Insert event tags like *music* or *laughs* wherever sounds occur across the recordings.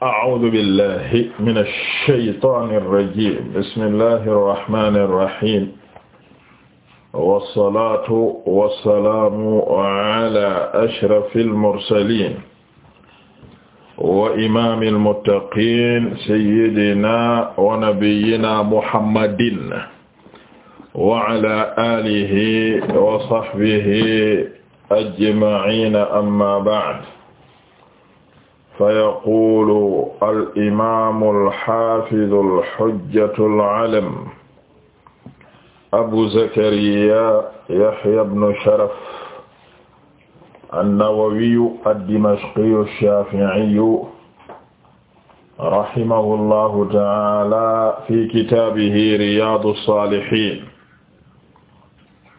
a'uuzu billahi mina shaytaani rajiim bismillahi rahmaani rahiim wasalaatu wasalaamu ala ashrafil mursaliin wa imaamil muttaqiin sayyidinaa wa nabiyyinaa muhammadin wa ala aalihi wa sahbihi ajma'iin amma ba'd فيقول الإمام الحافظ الحجة العلم أبو زكريا يحيى بن شرف النووي الدمشقي الشافعي رحمه الله تعالى في كتابه رياض الصالحين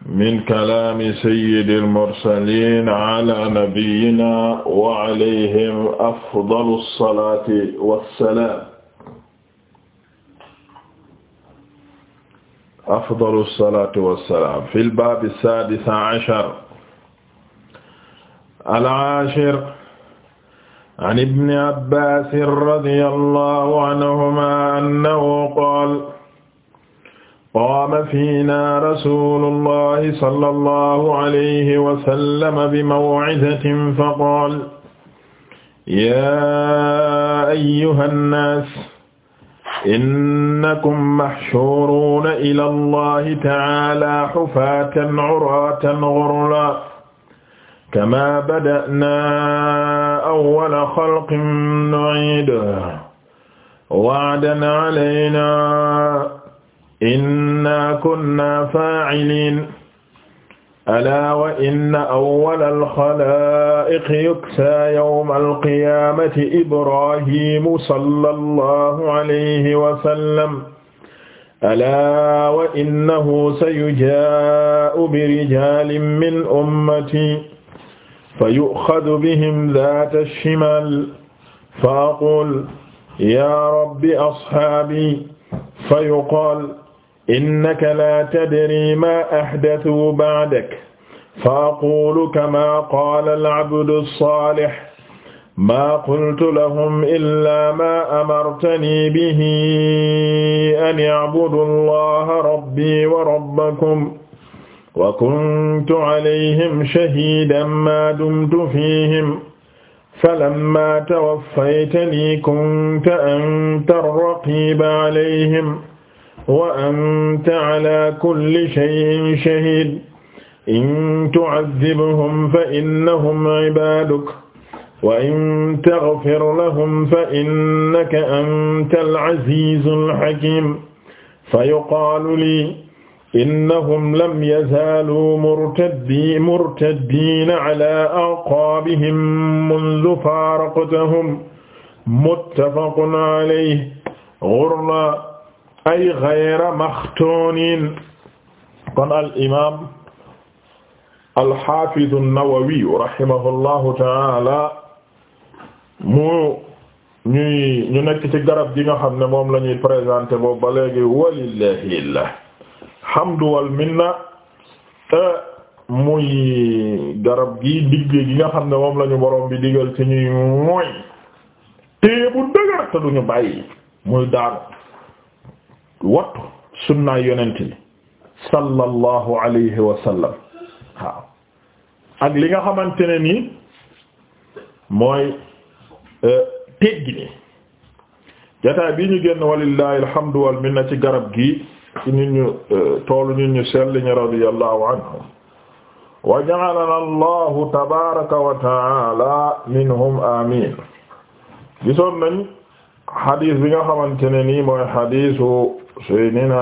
min kalaami sayyidil mursaliin ala nabiyyinaa wa alayhim afdalu salaati wa salaam. afdalu salaati wa salaam. fil baabi saadis ashar. al-aashir. an ibni abbaasin radiyallaahu anhumaa annahu qaala qaama fiina rasuulullahi sallallahu alayhi wa sallam bi maw'izatin faqaala yaa ayyuhan-naas innakum mahshuruuna ilaa Allahi ta'aalaa hufaatan 'uratan ghurlan kamaa bada'naa awwala khalqin nu'iiduhu wa'dan 'alaynaa inna kunna fa'ilin alaa wa inna awwala al-xalaa'iqi yuksaa yawma al-qiyaamati ibraahiimu sallallahu alayhi wa sallam alaa wa innahu sayujaa'u birijaalin min ummatii fayu'xadu bihim zaata shimaal fa aqul yaa rabbi ashaabii fayuqaal innaka laa tadri maa ahdasu ba'dak fa aqulu kamaa qaala al-abdu as-saalih maa qultu lahum illaa maa amartanii bihi an a'budu allaha rabbii wa rabbakum wa kuntu alayhim shahiidan maa dumtu fiihim falammaa tawaffaytanii kunta anta ar-raqiiba alayhim wa anta ala kulli shay'in shahid in tu'adhibhum fa innahum 'ibaduk wa in taghfir lahum fa innaka antal 'azizul hakim fa yuqalu li innahum lam yazalu murtaddi murtaddiina ala a'qaabihim mundu faaraqtahum muttafaqun alayhi ghurla ay ghayra maxtuunin kon al imaam al haafiz an-Nawawi rahimahullahu taala mu ñuy ñu nekk ci garab gi nga xam ne moom la ñuy présenté boobu ba léegi walillahi alhamdu wal minna muy garab gi digge gi nga xam ne moom lañu ñu borom bi digal ci ñuy mooy téye bu dëgër te duñu bàyyi muy daanu wattu sunna yonent bi sallallahu alayhi wa sallam li nga xamante ne nii mooy euh, teggi ni jotaay bii ñu génn walillahi alhamdu wal ci garab gi euh, toolu nit ñu sell ñu radiyallahu anhum wa ja'alana allahu tabaraka wa minhum amin gisoon nañ xadiis bi nga xamante ne mooy xadiisu seydina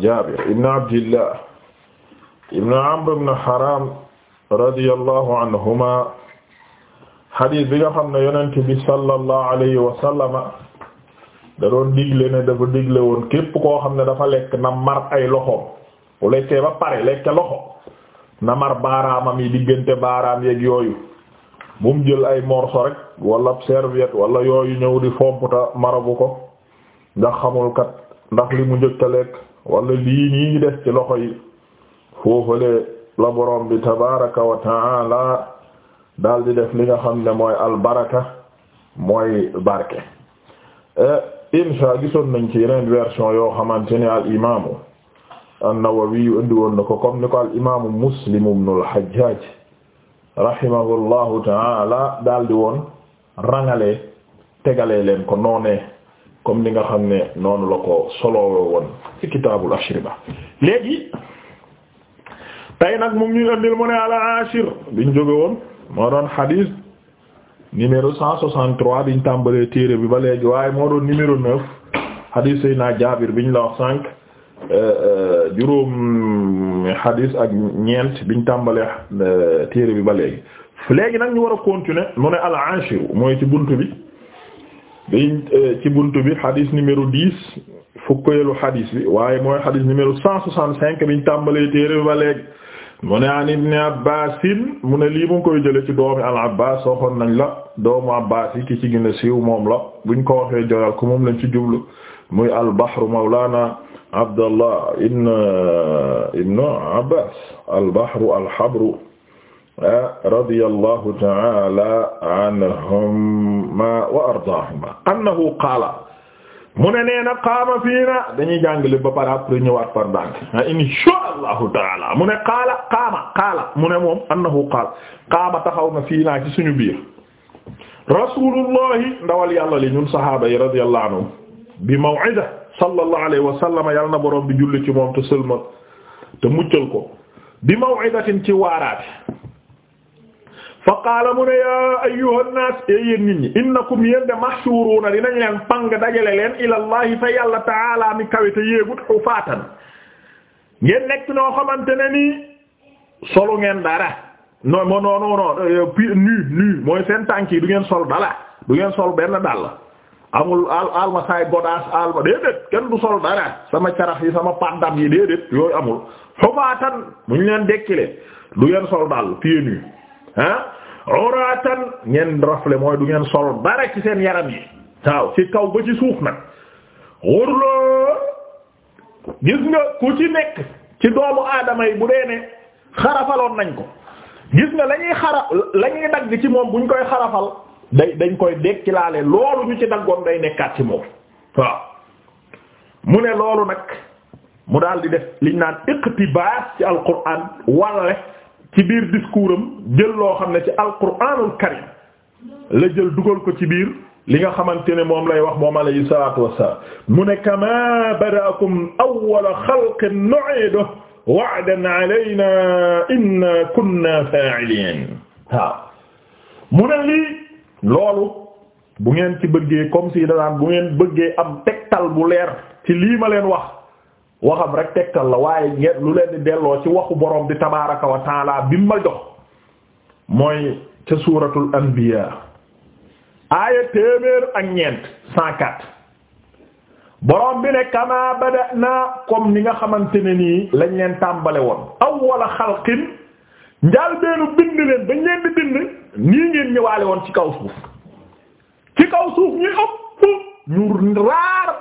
Jaabir ibn Abdillah ibn Amr ibn Haram radiyallahu anhuma hadith bi nga xam ne yonent bi sallallahu alayhi wa sallama da doon digle ne dafa digle woon képp koo xam ne dafa lekk na mar ay loxoom bu lekkee ba pare lekke loxo na mar baaraamam yi diggante baaraam yeeg yooyu bu mu jël ay morso rek wala serviette wala yooyu ñëw di fomputa marabu ko ndax xamul kat ndax li mu njëkk lekk wala lii nii def ci loxo yi foofale la borom bi tabaraka wa taala daal di def li nga xam ne mooy albaraka mooy barke eh, insha gisoon nañ ci yeneen version yoo xamante ne al imamu an-Nawawi indi woon na ko comme ni ko al imamu Muslim ibn al-Hajjaj taala daal di woon rangalee tegalee leen ko noonee comme li nga xam ne noonu la ko soloowe woon ci kitaabul ashriba léegi tey nag mu ngi ñu andil mu ne ala ashir biñ jóge woon moo doon hadith numéro 163 biñ tàmbalee téere bi ba léegi waaye moo doon numéro 9 hadith Seydina Jaabir ñu la cinq sànq euh, euh, juróom hadith ak ñeent biñ tàmbalee euh, téere bi ba léegi léegi nag ñu war a continuer mu ne ala mooy ci bunt bi. biñ euh, ci buntu bi xadis numéro dix fukkeelu xadis bi waaye mooy xadis numéro cent soixante cinq biñ tàmbalee téere ba léegi mu ne an ibni abbasin mu ne lii mu ngi koy jële ci doomi al abbas waxoon nañ la doomu abbas yi ki ci gën siiw moom la buñ ko waxee joyal ko moom lañ ci jublu muy al bahru mawlana abdallah ibn ibnu abbas al bahru al habru radiyallahu ta'ala anhuma wa ardaahuma annahu qaala mu ne nee na qaama fiina dañuy jàngale ba pare après ñëwaat par ndànk inshaa allahu taala mu ne qaala qaama qaala mu ne moom annahu qaala qaama taxaw na fiinaa ci suñu biir rasulullahi ndawal yàlla li ñun sahaaba yi radiyallahu anhum bi maw'ida sallallahu alayhi wa sallam yàlla na boroom bi julli ci moom te sëlma te muccal ko bi maw'idatin ci waaraate fa qaala mu ne yaa ayyuhan naas e yéen nit ñi innakum yéen de mahshuruuna dinañ leen pang dajale leen ilallahi fa yàlla ta'aala mi kawite yéegut xufaatan ngeen nekk noo xamante ne nii solu ngeen dara non non non non nu nu mooy seen tànk yi du ngeen sol dala du ngeen sol benn dàll amul al alma saay godaas alma déedéet kenn du sol dara sama carax yi sama pandam yi déedéet yooyu amul xufaatan mu ñu leen dekkile du ngeen sol dàll pieds uratan ngeen rafle mooy du ngeen sol dara ci seen yaram yi waaw ci kaw ba ci suuf nag xurloo gis nga ku ci nekk ci doomu aadama yi bu dee ne xarafaloon nañ ko gis nga lañuy xara lañuy dagg ci moom buñ koy xarafal day dañ koy dekkilaale loolu ñu ci daggoon day nekkaat ci moom waaw mu ne loolu nag mu daal di def liñ naan iqtibaas ci alquran walla ci biir discours am jël loo xam ne ci alquranul karim la jël dugal ko ci biir li nga xamante ne moom lay wax moom alayhi salaatu wassalaam mu ne kama badaakum awwala xalqin nu'iidu wa'dan alayna inna kunna faa'iliin waaw mu ne lii loolu bu ngeen ci bëggee comme si danaan bu ngeen bëggee am tegtal bu leer ci lii ma leen wax waxam rek tegtal la waaye ngeen lu leen di delloo ci waxu borom bi tabaaraka wa bi ma jox mooy ca suuratul anbiya aaya téeméer ak ñeent cent quatre borom bi ne kamaa bada'naa comme ni nga xamante ne nii lañ leen tàmbale woon awwala xalqin njaal beenu bind leen dañ leen bind nii ngeen ñëwaale woon ci kaw suuf ci kaw suuf ñu ëpp ñu raar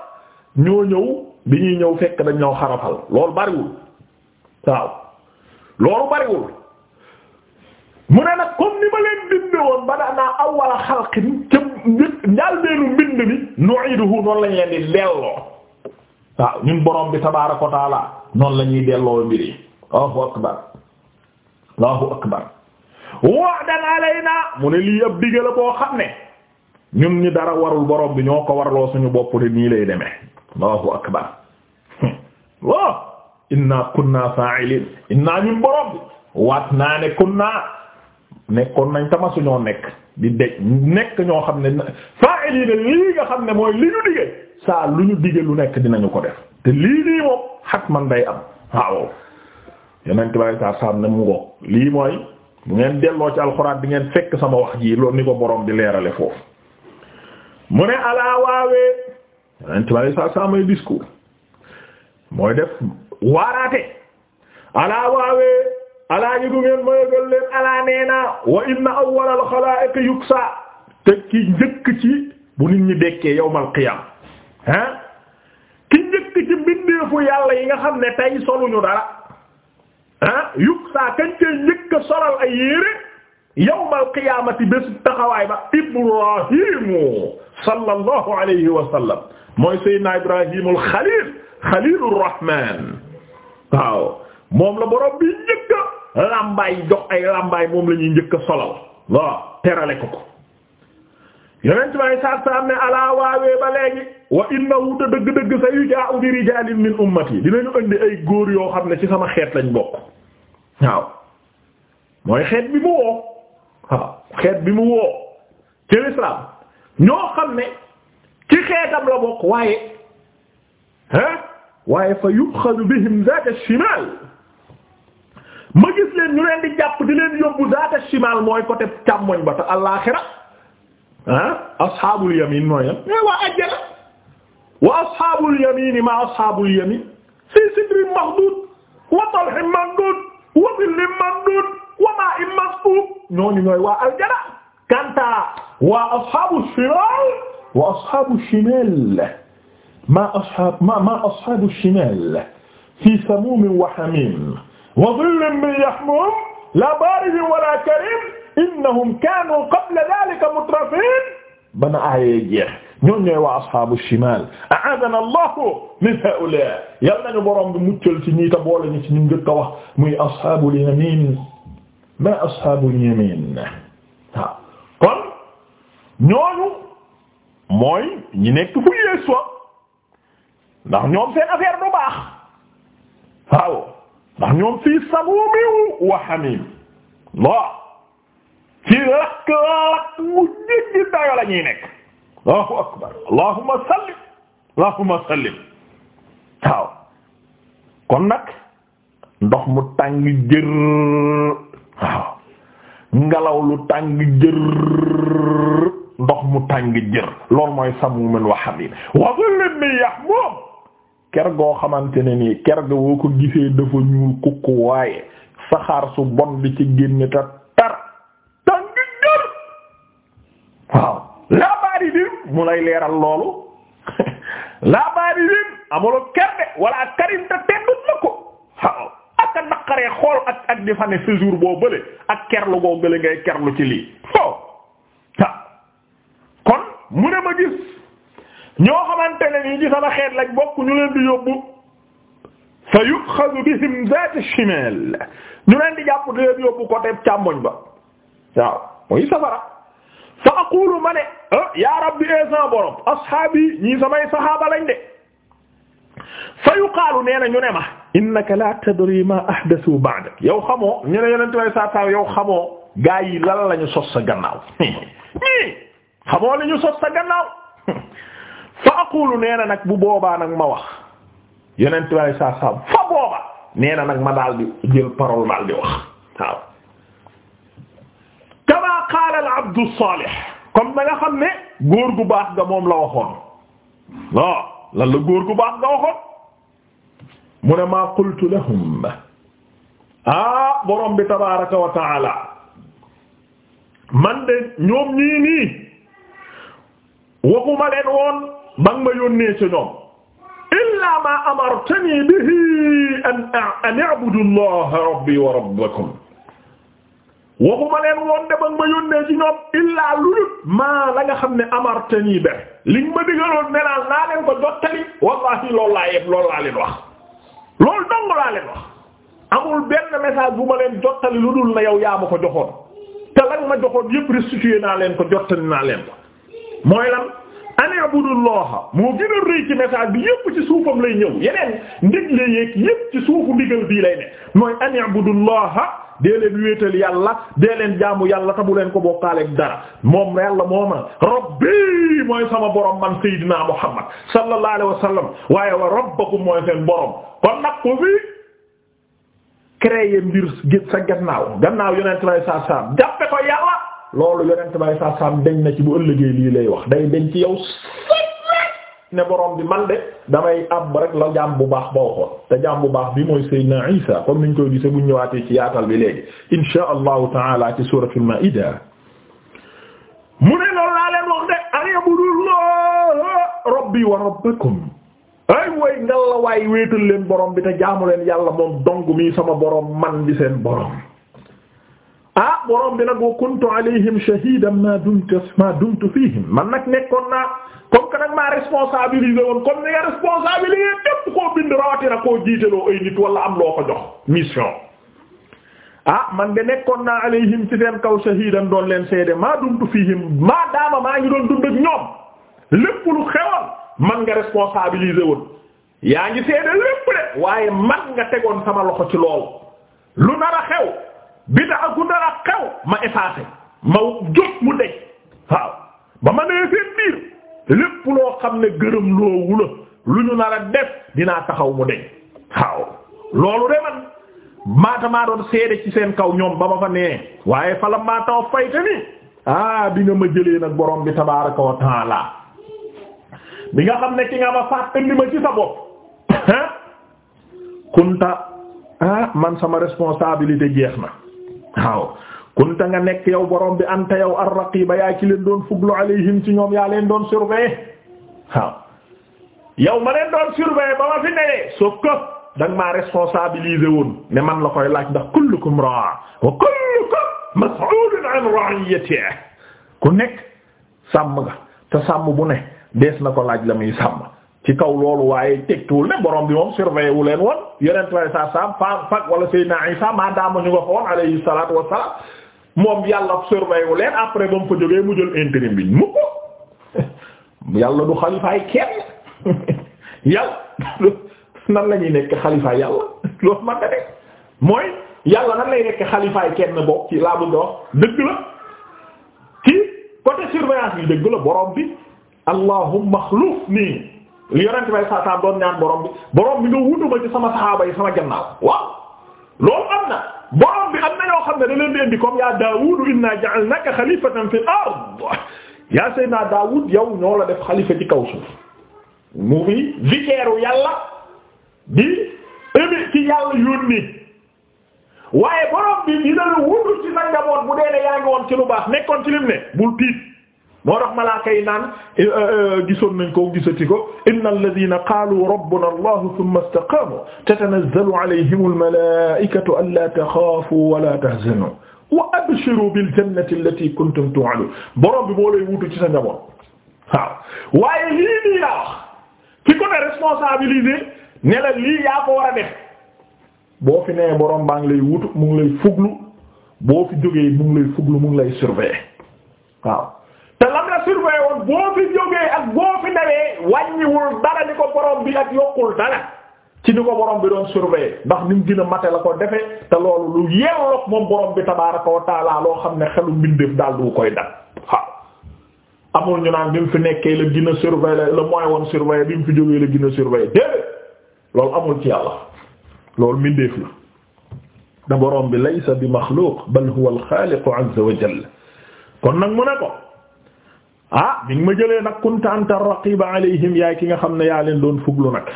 ñoo ñëw bi ñuy ñëw fekk dañ ñoo xarafal loolu bariwul waaw loolu bariwul mu ne nag comme ni ma leen bindee woon ba daanaa awwala xalqin ca njaal beenu mbind mi nu'iduhu noonu lañ leen di delloo waaw ñun borom bi tabaaraka wa taala noonu la ñuy delloo mbir yi allahu akbar allahu akbar wa'dan alayna mu ne lii ab digga la boo xam ne ñun ñu dara warul borom bi ñoo ko warloo suñu bopp te nii lay demee Allahu akbar waaw inna kunna fa'ilin inna ñun borom waat naa ne kunna nekkoon nañ tama suñoo nekk di dej nekk ñoo xam ne fa'ilin lii nga xam ne mooy lu ñu dige lu nekk dinañu ko def lii nii moom man day am waaw yeneen tubaab saa saam ne mu ngoog lii mooy bu ngeen delloo ci alxuraan bi ngeen fekk sama wax ji loolu ni ko borom di leerale foofu mu ne alaa waawee yonent bi saa saa may discours mooy def waaraate alaa waawee alaa yëgu ngeen ma yëgal leen alaa nee wa inna awwalal xalaa'iq yuksa te ki njëkk ci bu nit ñi dekkee yawmal qiyaam ah ki njëkk ci mbindeefu yàlla yi nga xam ne tey soluñu dara ah yuksa kañ cee njëkk solal ay yére yawmal qiyaamati bés taxawaay ba Ibrahim sallallahu alayhi wa sallam mooy Seydina Ibrahimul Xaliil Xaliilur Rahmaan waaw moom la borom bi njëkk a lambaay jox ay lambaay moom la ñuy njëkk a solal waaw terale ko ko. yeneen ci may sax sax ne alaa waawee ba léegi wa innahu te dëgg-dëgg sayujaa'u bi rijaalin min ummati dinañu indi ay góor yoo xam ne ci sama xeet lañ bokk waaw mooy xeet bi mu waaw xeet bi mu woo ci lislaam ñoo xam ne ci xeetam la bokk waaye ah waaye fa yuxadu bihim zaata shimal ma gis leen ñu leen di jàpp di leen yóbbu zaata shimal mooy côté càmmoñ ba te alaaxira ah ashaabul yamin mooy am mais waa ajjana wa ashaabul yamin ma ashaabul yamin fi sidrin maxduud wa talhin mamduud wa zillin mamduud maa im maskuub ñooñu ñooy waa aljana kanta waa ashaabu shimaal wa ashaabu shimaal maa ashaab maa ashaabu shimaal fii samuumin wa hamiim wa dhillin min yahmuum laa baaridin wa laa kariim innahum kaanuu qabla dhaalika mutrafiin bana aayee jeex ñoom ñooy waa ashaabu shimaal a'aadanaa Allahu min haa'ulaa'i yal nañu borom bi muccal ci ñi ta boole ñu ci ñu njëkk a wax muy ashaabul yamiin ma ashaabul yamiin waaw kon ñooñu mooy ñi fu yées wa ndax ñoom seen affaire du baax waaw ndax ñoom fii samuumin wa hamiim loo ci lakk-lakk mu jéggi dayo la ñuy nekk allahu akbar allahumma sallim allahumma sallim waaw kon nag ndox mu tàng jër waaw ngelaw lu tàng jër ndox mu tàng jër loolu mooy samuumin wa hamiim wa dhullin min yahmuum ker goo xamante ne nii ker ga woo ko gisee dafa ñuul kukku waaye saxaar su bon di ci génne te tar tàng jër waaw laa baaridin mu lay leeral loolu *laughs* laa baaridin amuloo ker de walla karim te ten naqaree xool ak ak di fa ne séjour boo bële ak kerlu goo gële ngay kerlu ci lii foo kon mu ne ma gis ñoo xamante ne nii ci sama xeet lañ bokk ñu leen di yóbbu fa yuxazu bihim zaat shimal ñu leen di jàpp di leen yóbbu côté càmmoñ ba waaw muy safara fa aqulu ma ne ah, yaa rabbi esan eh, borom ashaabi ñii samay saxaaba lañ de fa yuqaalu nee na ñu ne ma innaka la tadri ma ahdathu ba'dak yow xamoo ñu ne yonent way saa saa yow xamoo gaa yi lan la ñu sos sa gannaaw *laughs* xamoo li ñu sos sa gannaaw *laughs* fa aqulu nee na nag bu boobaa nag ma wax yonent way saa saa fa booba nee na nag ma daal di jël parole daal di wax waaw kama qaala al abdu salih comme da xam ne góor gu baax ga moom la waxoon waaw la góor gu baax ga waxoon mu ne maa qultu lahum ah borom bi tabaaraka wa taala man de ñoom ñii nii waxuma leen woon ba nga ma yónnee ci ñoom illaa ma amartani bihi an an a'budu allaha rabbi wa rabbakum waxuma leen woon de ba nga ma yónnee ci ñoom illaa lulut maa la nga xam ne amartani be li nga ma digaloon ne naa leen ko jottali wallahi loolu laa yépp loolu laa leen wax loolu dong laa leen wax amul benn message bu ma leen jottali lu dul na yow yaa ma ko joxoon te lan ma joxoon yépp restitué naa leen ko jottali naa leen ko mooy lan ani abudullah moo gën a rëy ci message bi yépp ci suufam lay ñëw yeneen ndigle yeeg yépp ci suufu ndigal bii lay ne mooy ani abudullah dee leen wéetal yàlla dee leen jaamu yàlla te leen ko bokkaaleeg dara moom yàlla moom na rabbi mooy sama borom man sayyidina muhammad sallallahu alayhi wa waaye wa rabbakum mooy seen borom kon nag ko fi créer mbir sa gannaaw gannaaw yonent bay saa saam jàppe ko yàlla loolu yonent bay saa saam dañ na ci bu ëllëgee lii lay wax day dañ ci yow ne borom bi man de damay àbb rek la jaam bu baax ba waxoon te jaam bu baax bi mooy Seydina Isa comme niñ koy gisee bu ñu ñëwaatee ci yaatal bi léegi insha allahu taala ci suuratul Maa'ida mu ne loolu laa leen wax de an i'budullaha rabbi wa rabbakum ay way ngal la waay wéetal leen borom bi te jaamu leen yàlla moom dong mi sama borom man bi seen borom ah borom bi nag wa kuntu alayhim shahidan ma dumtu ma man nag nekkoon naa comme que nag maa responsabilisé woon comme ni nga responsabilisé képp koo bind rawatina koo jiiteloo ay nit wala am loo ko jox mission ah man de nekkoon naa alayhim ci seen kaw shahidan doon leen seede ma dumtu fihim ma daama maa ngi doon dund ak ñoom lépp lu xewoon man nga responsabilisé woon yaa ngi seede lépp de waaye man nga tegoon sama loxo ci loolu lu nar a xew biddaa ku dara xew ma effacé ma jóg mu dej waaw ba ma nee seen biir lépp loo xam ne gërëm loowu la lu ñu nar def dinaa taxaw mu dej de man maata doon seede ci seen kaw ñoom ba ma fa waaye fa la maa taw fayte ni ah bi nga ma jëlee nag borom bi tabaaraka wa bi nga xam ne ki nga ma faat indi ma ci sa bopp ah kunta ah man sama responsabilité jeex na waaw kunta nga nekk yow borom bi anta yow ar-raqiba yaa ci leen doon fuglu alayhim ci ñoom yaa leen doon surveiller waaw yow ma leen doon surveiller ba fi newee sauf que da nga woon ne man la koy laaj ndax kullukum ra'a wa kullukum mas'ulun an ra'iyatihi ku nekk sàmm nga te sàmm bu ne dees na ko laaj la muy sàmm ci kaw loolu waaye tegtuwul ne borom bi moom surveillé wu leen woon yeneen way sa sam fa fag wala Seydina Isa maadaama ñu nga fa woon alayhi salaatu wassalaam moom yàlla surveillé wu leen après ba mu fa jógee mu jël intérim bi mu ko *laughs* yàlla du xalifaay kenn *laughs* yàlla *laughs* nan la ñuy nekk xalifaay yàlla loolu man da nekk mooy yàlla nan lay nekk xalifaay kenn bokk ci laa bëgg a dëgg la ci côté surveillance bi dëgg la borom bi allahumma axluf nii li yonent bay saa saa doon ñaan borom bi borom bi nga wutu ci sama saxaaba yi sama gannaaw waaw loolu am na borom bi am na yoo xam ne da leen di indi comme yaa Daawuud inna ja'alnaka xalifatan fil ard yaa Seydina Daawuud yow ñoo la def xalifa ci kaw suuf mu ngi vicaire yàlla di émi ci yàlla yónni waaye borom bi dina la wutu ci sa bu dee ne yaa ngi ci lu baax nekkoon ci lim ne bul tiit. moo tax malaaka yi naan eh, eh, eh, gisoon nañ ko gisati ko inna alladhina qaalu rabbuna allah thumma istaqaamu tatanazzalu alayhim almalaa'ikatu allaa taxaafuu walaa tahzanuu wa abshiruu bil jannati allatii kuntum tu'aduun borom bi moo lay wutu ci sa njaboot waaw ne responsabilisé ne la lii yaa ko war ngi lay wutu mu fuglu boo fi jógee mu ngi lay fuglu mu ngi lay surveiller la surveillé woon boo fi jógee ak boo fi newee wàññiwul dara ni ko borom bi ak yokkul dara ci ni ko borom bi doon surveillé ndax ni mu gën mate la ko defee te loolu lu yelloog moom borom bi tabaaraka wa loo xam ne xelu mbindeef daal du koy dal amul ñu naan bi mu fi nekkee la gën a surveillé le moins woon surveillé bi mu fi jógee la gën a surveillé loolu amul ci yàlla loolu mbindeef la da borom bi laysa bi maxluuq bal huwa al azza wa kon nag ah bi nga ma jëlee nag kunta anta raqiba alayhim yaay ki nga xam ne yaa leen doon fuglu nag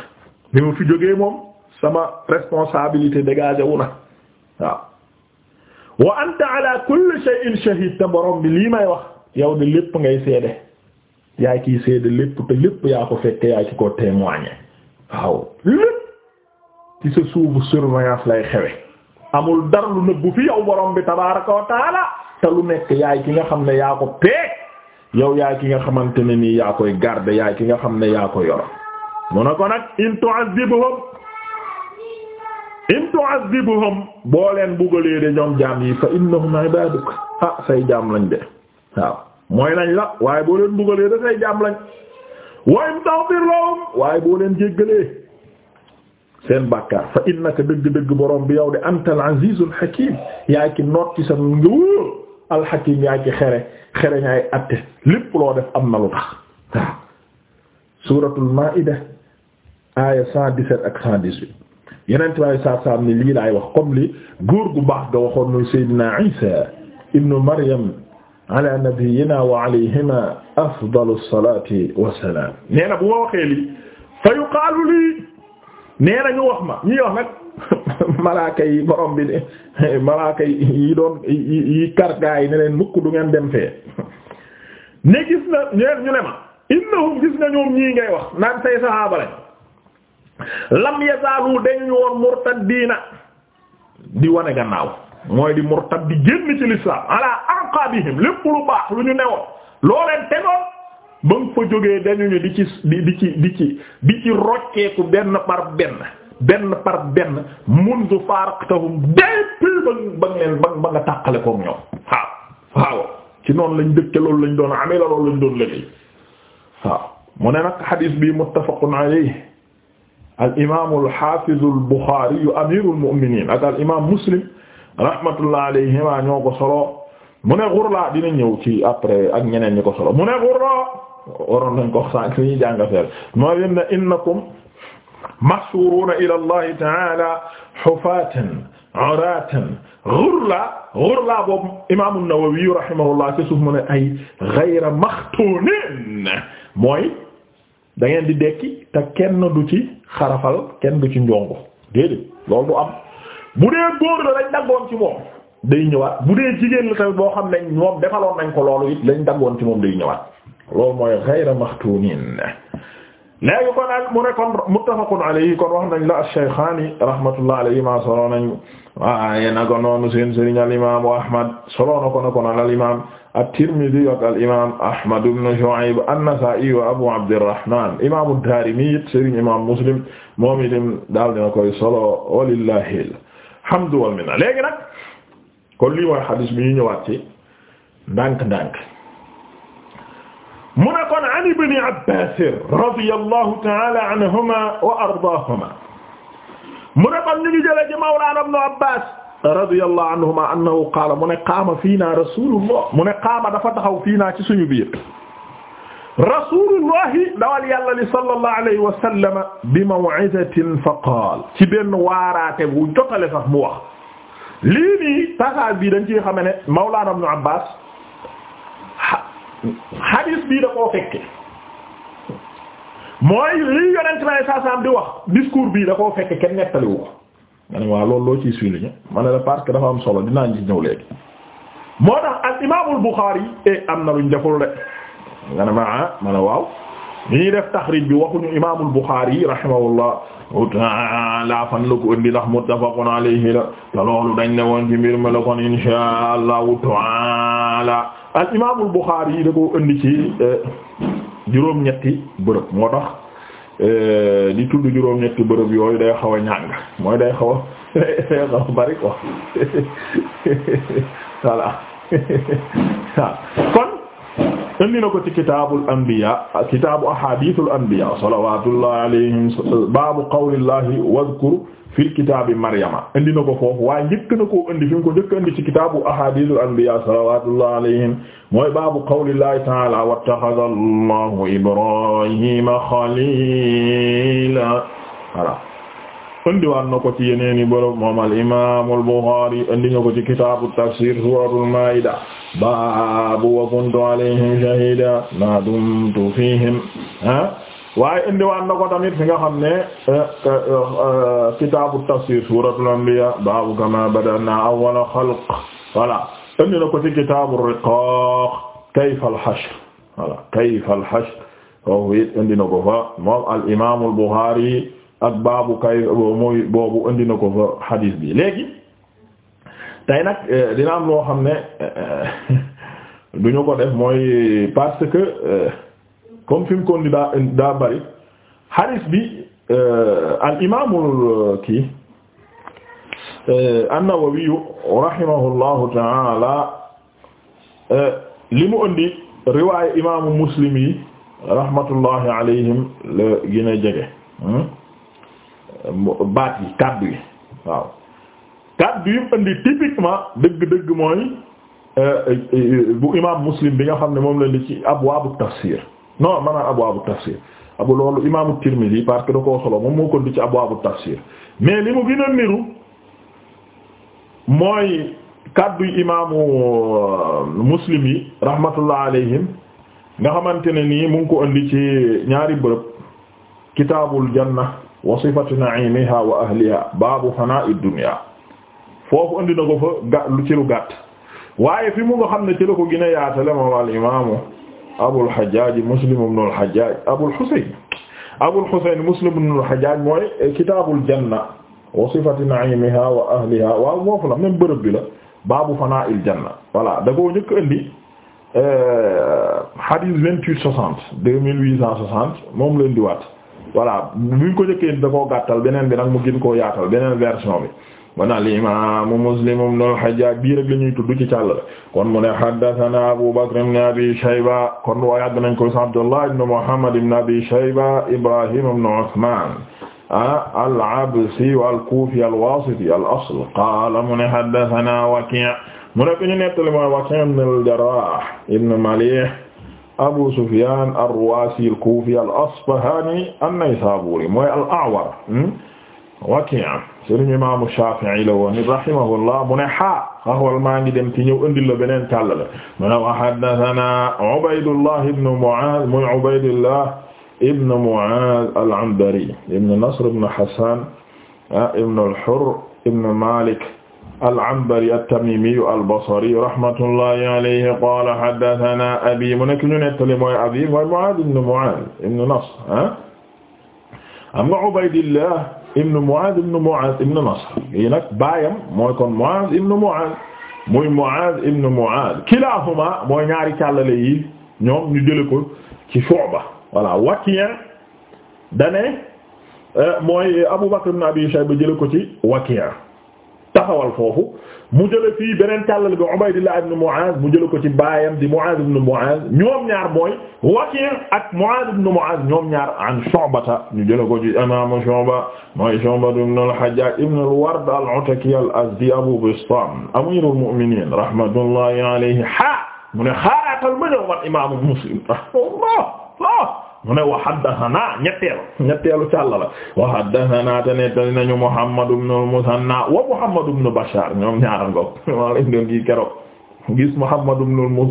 bi ma fi jógee moom sama responsabilité dégagé wu na waaw wa bi lii may wax yow de lépp ngay seede yaa ki seede lépp te lépp yaa ko fekke yaa ci ko témoigner waaw lépp ci sa suufu surveillance lay xewe amul dara lu nëbbu fi yow borom bi tabaaraka wa taala te lu nekk yaay ki nga xam ne yaa ko peek yow yaay ki nga xamante ne nii yaa koy garder yaay ki nga xam ne yaa ko yor mu ne ko nag in tu'azzibuhum in tu'azzibuhum boo leen bugalee de ñoom jaam yi fa innahum ibaduk ah say jaam lañ de waaw mooy nañ la waaye boo leen bugalee de say jaam lañ wa in taghfir lahum waaye boo leen jéggalee seen bàkkaar fa innaka dëgg-dëgg borom bi yow de antal azizul hakim yaay ki noot ci sa nguur alxakim yaa ci xere xere ñaay atte lépp loo def am na lu tax waaw suuratul maida aaya cent dix-sept ak cent dix-huit yeneen tubaab yi saa ni lii laay wax comme li góor gu baax ga waxoon muy Seydina Isa ibnu Maryam ala nabiyyina wa alayhima afdalu salaati wa salaam. nee na bu ma waxee lii fa yuqaalu lii nee na ñu wax ma ñi wax nag. *laughs* malaaka yi borom bi ne *laughs* malaaka yi doon yi kargaa yi ne leen mukk du ngeen dem fee *laughs* ne gis na ñeen ne ma innahum gis na ñoom ñii ngay wax naan say saxaaba lañ lam yazaalu dañu woon murtaddiina di wane gannaaw mooy di murtad di génn ci lislaam ala anqaabihim lépp lu baax lu ñu newoon loo leen tegoon ba fa jógee dañu ñu di ci di ci di ci di ci rocceeku benn par benn benn par benn mundu faraqtahum depuis ba nga leen ba nga tàqale koog ñoom waaw waaw ci noonu lañ dëkke loolu lañ doon amee la loolu lañ doon liggéey waaw mu ne nag xadiis bi muttafaqun alayhi al imaam al xaafiz al buxaari amiirul mu'miniin ak al imaam muslim rahmatullah alayhima ñoo ko di mu ne Ghurla dina ñëw ci après ak ñeneen ñi ko solo mu ne Ghurla waroon nañ ko sànq li ñuy jàng affaire mooy yéen ne innakum mahshuruuna ila allahi taala hufatan uratan ghurla ghurla boobu imaamu Nawawi rahimahullah ci suuf mu ne ay ghayra maxtuunin mooy da ngeen di dekki te kenn du ci xarafal kenn du ci njongo déedéet loolu du am bu dee góor la lañ daggoon ci moom day ñëwaat bu dee jigéen la tamit boo xam ne moom defaloon nañ ko loolu it lañ daggoon ci moom day ñëwaat loolu mooy ghayra maxtuunin léegi kon al mu ne kon muttafaqun alayhi kon wax nañ la ash-Shaykhani rahmatullah alayhima solo nañu waaye naka noonu al imaamu Ahmad solo na ko na kon al imaam at al imaam Ahmad ibn Shu'ayb an-Nasa'i wa Abu Abdirrahman imaamu ad-Daarimi it sëriñ imaam Muslim moom itam daal dina koy solo walillahi alhamdu wal minna léegi nag kon lii mooy xadiis bi ñu ñëwaat ci mu ne kon an ibni Abbaas radiyallahu ta'ala anhuma wa ardaahuma mu ne kon ñu ngi jëlee ci mawlaana ibnu Abbaas radiyallahu anhuma annahu qaala mu ne qaama fiinaa rasuulullah mu ne qaama dafa taxaw fiinaa ci suñu biir rasulullahi dawal yàlla li sallallahu alayhi wa sallam bi maw'izatin fa qaal ci benn waaraate bu jotale sax mu wax lii nii taxaas bi dañ ciy xame ne mawlaana ibnu Abbaas hadis bii da fekke mooy li yonent bi saa saa di wax discours bii da koo fekke kenn nettaliwu ko nga ne waaw loo ciy souligné ma la parce que dafa am solo dinaa ngi ñëw léegi moo tax al imaamul Buxaari e am na luñ deful de nga ne ma ah ma ne waaw li ñuy def taxrij bi waxuñu imaamul Buxaari rahimahullah taala fan la ko indi ndax muttafaqun alayhi al imaamul Buxaari yi da koo indi ci eh, juróom-ñetti bërëb moo tax eh, di tudd juróom-ñetti bërëb yooyu day xaw a ñàng mooy day xaw a day xaw bari quoi *laughs* voilà *laughs* waaw kon indi na ko ci kitaabul anbiya kitaabu ahadithul anbiya salawatullahi alayhim baabu qawlillahi wadhkur fil kitaabi maryama indi na ko foofu waaye njëkk na koo indi fi mu ko njëkk indi ci kitaabu ahadithul anbiya salawatullahi alayhim mooy baabu qawlillahi ta'ala wattakhadha allahu ibrahima khalila voilà andiwaan na ko ci yeneeni boroom moom al imaam al Buxaari andi na ko ci kitaabu tafsir suuratul maa'ida baabu wa kuntu alayhim shahiida maa dumtu fiihim ah waaye andiwaan na ko tamit fi nga xam ne eh, eh, eh, kitaabu tafsir suuratul anbiyaa baabu kamaa badanaa awwala xalq voilà andi na ko ci kitaabu riqaaq kayfa al hashr voilà kayfa al hashr foofu it andi na ko fa moom al imaam al Buxaari ak baabu kay mooy ko fa xadiis eh, loo xam ne eh, *laughs* duñu ko def mooy parce que eh, comme fi daa bari xadiis bi al imaamul kii an-Nawawi rahimahullahu taala li mu jege. Hmm? baat yi kàddu yi waaw kàddu yi mu indi typiquement dëgg-dëgg mooy euh, bu imaam muslim bi nga xam ne moom la di ci abwaabu tafsir non maanaam abwaabu tafsir abu ah, loolu imaamu tirmidhi parce que da koo solo moom moo ko di ci abwaabu tafsir mais li mu gën a niru mooy kàddu imaamu euh, muslim yi rahmatullah alayhim nga xamante ne nii mu ngi ko indi ci ñaari bërëb kitaabul janna wa sifatu na'imiha wa ahliha baabu fanaa'i dunya foofu andi na ko fa ga lu ci lu gàtt waaye fi mu nga xam ne ci la ko gën a yaatale moom al imaamu Abul Hajjaj Muslim ibn al Hajjaj Abul Husayn Abul Husayn Muslim ibn al Hajjaj mooy kitaabul janna wa sifatu na'imiha wa ahliha waaw foofu la même bërëb bi la baabu fanaa'il janna voilà da koo njëkk andi euh, hadith 28 60 2860 moom leen di waat voilà buñ ko njëkkee da koo gàttal beneen bi nag mu gën koo yaatal beneen version bi man al imaamu Muslim ibnu al-Hajjaaj bii rek la ñuy tudd ci càll la kon mu ne haddathana Abu Bakr ibn Abi Shayba kon waa yàgg nañ ko Abdullah ibn Muhammad ibn Abi Shayba Ibrahim ibn Usman al-Absi al-Kufi al-Wasiti al-asl qaala mu ne haddathana Waki' mu ne ko ñu nettali mooy Waki' ibn al-Jarrah ibn Malih Abu Sufyan ar-Ruwasi al-Kufi al-Asbahani an-Naysaburi mooy al-A'war hmm? Waki' sëriñ imaamu Shafi'i la woon rahimahullah mu ne ha xaxwal maa ngi dem ci ñëw andil la beneen tallale mu ne wa haddathana Ubaydullah ibn Mu'adh muy Ubaydullah ibn Mu'adh al-Anbari ibn Nasr ibn Hasan ah, ibn al-Hurr ibn Malik al-Anbari at-Tamimi al-Basri rahmatullahi alayhi qala haddathana abi mu nekk ñu nettali mooy abi mooy Mu'adh ibn Mu'adh ibn Nasr ah am nga Ubaydillah ibn Mu'adh ibn Mu'adh ibn Nasr yi nag baayam mooy kon Mu'adh ibn Mu'adh muy Mu'adh ibn Mu'adh kilahuma mooy ñaari càllale yi ñoom ñu jële ko ci Shu'ba voilà Waki' dane eh, mooy Abu Bakr ibn Abi Shayba jële ko ci Waki' taxawal foofu mu jële fii beneen tàllal bi Ubaydillah ibn Mu'az mu jële ko ci baayam di Mu'az ibn Mu'az ñoom ñaar mooy Waki' ak Mu'az ibn Mu'az ñoom ñaar an Shu'bata ñu jële ko ci imam Shu'ba mooy Shu'ba ibn al-Hajjaj ibn al-Ward al-Ataki al-Azdi Abu Bistam amirul mu'minin rahmatullahi alayhi ha mu ne xaaral ma ñëw man imam Muslim *laughs* mu ne wa haddathana ñetteelu ñetteelu càlla la wa haddathana nañu Muhammad ibn al-Musanna wa Muhammad ibn Bashar ñoom ñaar ngoog maa lañ doon kii keroog gis Muhammad ibn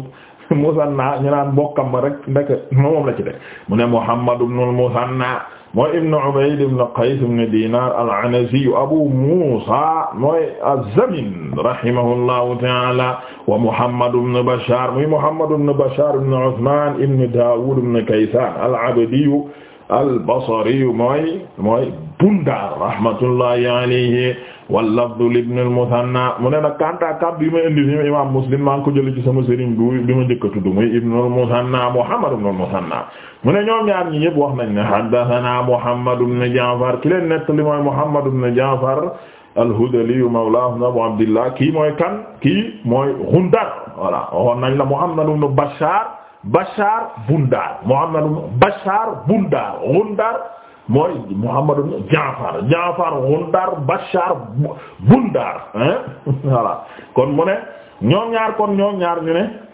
al-Musanna ñu naan mbokkam ba rek ndek moom la ci de mu ne Muhammad ibn musanna mooy ibn Ubayd ibn Qays ibn Dinar al-Anazi Abu Musa mooy az-Zamin rahimahullahu ta'ala wa Muhammad ibn Bashar muy Muhammad ibn Bashar ibn Uthman ibn Dawud ibn Kaysan al-Abdi al-Basri mooy mooy Bundar rahmatullahi alayhi wallafdu libn al-Muthanna mu ne nag kanta kàddu yi ma indi fi imam Muslim maa ngi ko jële ci sama sëriñ bu bi ma njëkk a tudd muy ibn al-Muthanna Muhammad ibn al-Muthanna mu ne ñoom ñaar ñi ñëpp wax nañ ne haddathana Muhammad ibn Ja'far ki leen nekk li mooy Muhammad ibn Ja'far al-Hudali mawlaahu Abu Abdillah kii mooy kan kii mooy Ghundar voilà waxoon nañ la Muhammad ibn Bashar Bashar Bundar Muhammad ibn Bashar Bundar Ghundar mooy Muhammad ibn Jaafar Jaafar Bashar Bundar hein *laughs* voilà kon mu ne ñoom ñaar kon ñoom ñaar ne